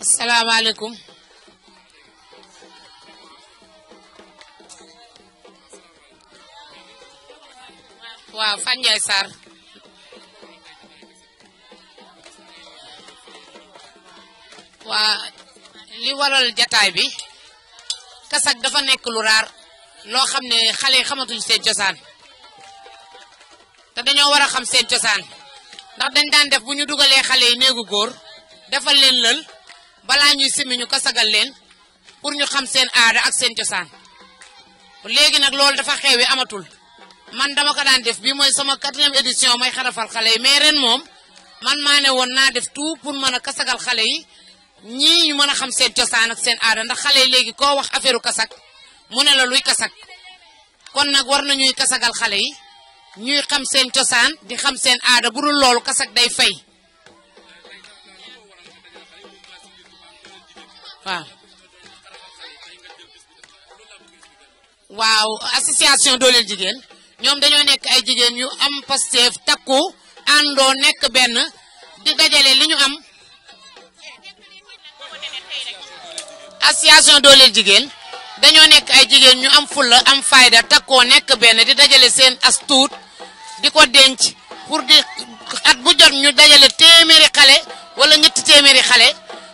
السلام عليكم واو فان جايسار واو لي ورال جتاي بي كاسك دا فا نيك لو رار لو خامني خالي خاماتو سي جوسان تا دانيو ورا خام سي جوسان دا دان دان ديف بو ني دوغالي خالي نيغو غور دافال لين لال balaa ñuy simmiñu ñu kasagal leen pour ñu xam seen aada ak seen cosaan léegi nag loolu dafa xewi amatul man dama ko daan def bi mooy sama quatrième édition mooy xarafal xale yi mais ren moom man maa ne woon naa def tout pour mën a kasagal xale yi ñii ñu mën a xam seen cosaan ak seen aada ndax xale yi léegi koo wax affaire kasak mu ne la luy kasak kon nag war nañuy kasagal xale yi ñuy xam seen cosaan di xam seen aada bu dul loolu kasag day fay. waaw ah. waaw association dooleel jigéen ñoom dañoo nekk ay jigéen yu am Pastef takku àndoo nekk benn di dajale li ñu am association dooleel jigéen dañoo nekk ay jigéen ñu am fulla am fayda takkoo nekk benn di dajale seen astuut di ko denc pour di at bu jot ñu dajale téeméeri xale wala ñetti téeméeri xale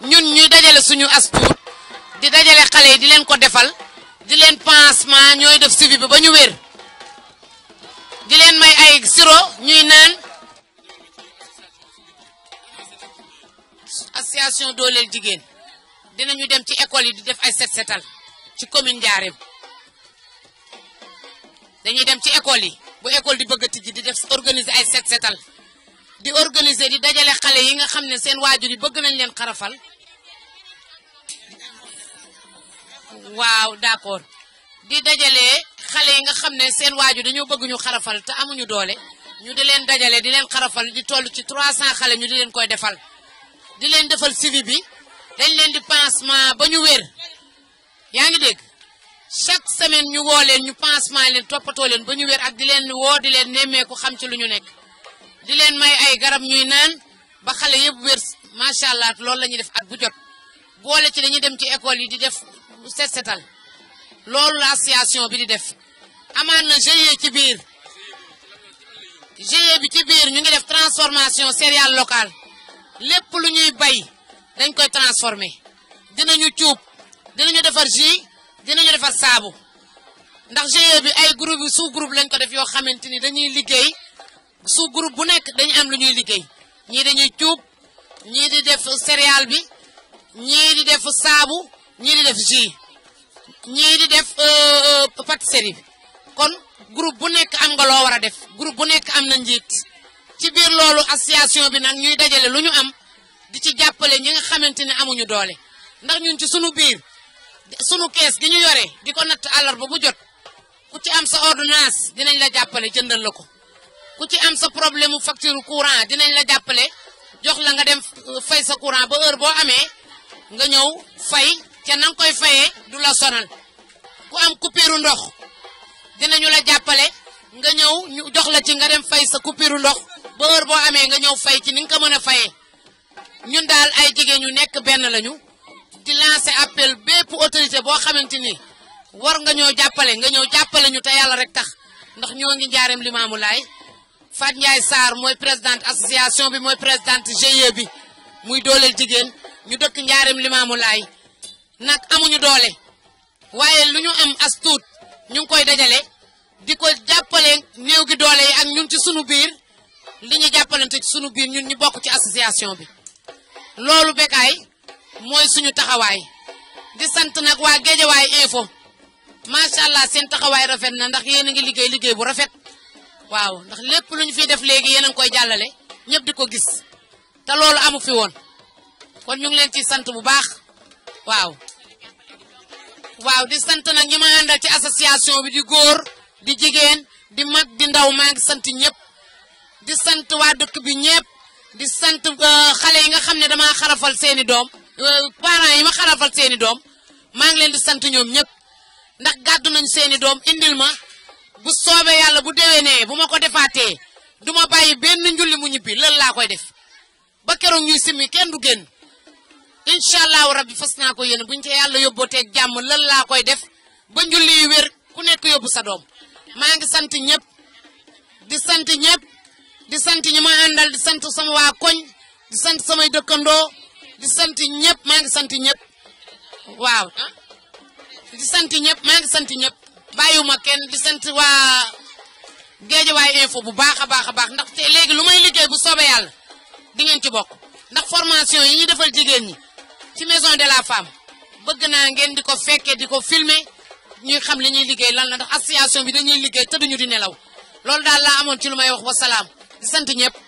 ñun ñuy dajale suñu as di dajale xale yi di leen ko defal di leen pansement ñooy def suivi bi ba ñu wér di leen may ay siro ñuy naan association dooleel jigéen dinañu dem ci école yi di def ay set setal ci commune Ndiarème dañuy dem ci école yi bu ecole di bëgg a tijji di def organiser ay set setal di organiser di dajale xale yi nga xam ne seen waajur yi bëgg nañ leen xarafal waaw d'accord di dajale xale yi nga xam ne seen waajur dañoo bëgg ñu xarafal te amuñu doole ñu di leen dajale di leen xarafal di toll ci trois 300 xale ñu di leen koy defal di leen defal suivi bi dañ leen di pansement ba ñu wér yaa ngi dégg chaque semaine ñu woo leen ñu pansement leen toppatoo leen ba ñu wér ak di leen woo di leen nemmee ku xam ci lu ñu nekk di leen may ay garab ñuy naan ba xale yëpp wér macha allah loolu la ñuy def at bu jot boole ci dañuy dem ci école yi di def set setal loolu la association bi di def amaan na GIE ci biir GIE bi ci biir ñu ngi def transformation céréale locale lépp lu ñuy bay dañ koy transformer dinañu cuub dinañu defar jus dinañu defar saabu ndax GIE bi ay groupe yu sous groupe lañ ko def yoo xamante ni dañuy liggéey su groupe bu nekk dañu am lu ñuy liggéey ñii dañuy cuub ñii di def céréale bi ñii di def saabu ñii di def jus ñii di def euh, euh, pâtisserie kon groupe bu nekk am nga war a def groupe bu nekk am na njiit ci biir loolu association bi nag ñuy dajale lu ñu am di ci jàppale ñi nga xamante ne amuñu doole ndax ñu ci sunu biir sunu kees gi ñu yore di ko natt àllarba bu jot ku ci am sa ordonnance dinañ la jàppale jëndal la ko ku ci am sa problème mu facture courant dinañ la jàppale jox la nga dem fay sa courant ba heure boo amee nga ñëw fay ca na nga koy fayee du la sonal ku am coupure ndox dinañu la jàppale nga ñëw ñu jox la ci nga dem fay sa coupure ndox ba heure boo amee nga ñëw fay ci ni nga ko mën a fayee ñun daal ay jigéen ñu nekk benn lañu di lancer appel bépp autorité boo xamante ni war nga ñoo jàppale nga ñëw jàppale ñu te yàlla rek tax ndax ñoo ngi njaareem limaamu laay faat Ndiaye Sarr mooy présidente association bi mooy présidente GIE bi muy dooleel jigéen ñu dëkk njaareem limaamu laay nag amuñu doole waaye lu ñu am as tuut ñu ngi koy dajale di ko jàppale néew gi doole yi ak ñun ci sunu biir li ñu jàppalante ci sunu biir ñun ñu bokk ci association bi loolu Bécaye mooy suñu taxawaay di sant nag waa Géejawaay info macha allah seen taxawaay rafet na ndax yéen a ngi liggéey liggéey bu rafet waaw ndax lépp lu ñu fi def léegi yéen a koy jàllale ñëpp di ko gis te loolu amu fi woon kon ñu leen ciy sant bu baax waaw. waaw di sant nag ñi ma àndal ci association bi di góor di jigéen di mag di ndaw maa sant ñëpp di sant waa dëkk bi ñëpp di sant euh, xale yi nga xam ne damaa xarafal seeni doom euh, parents yi ma xarafal seeni doom maa ngi leen di sant ñoom ñëpp ndax gàddu nañ seeni doom indil ma. bu soobee yàlla bu déwénee bu ma ko defaatee du ma bàyyi benn njulli mu ñibbi lan laa koy def ba keroog ñuy simi kenn du génn incha allahu rabbi fas naa ko yéene buñ ca yàlla yóbbooteeg jàmm lan laa koy def ba juli yu wér ku nekk yóbbu sa doom maa ngi sant ñëpp di sant ñëpp di sant ñi ma di sant sama waa koñ di samay dëkkandoo di ñëpp maa ngi sant ñëpp waaw di sant ñëpp maa ngi sant ñëpp bàyyiwuma kenn di sant waa waay info bu baax a baax a baax ndax te léegi lu may liggéey bu soobee yàlla di ngeen ci bokk ndax formation yi ñu defal jigéen ñi ci maison de la femme bëgg naa ngeen di ko fekkee di ko filme ñuy xam li ñuy liggéey lan la ndax association bi dañuy liggéey tëduñu di nelaw lool daal laa amoon ci lu may wax wasalaam di sant ñëpp.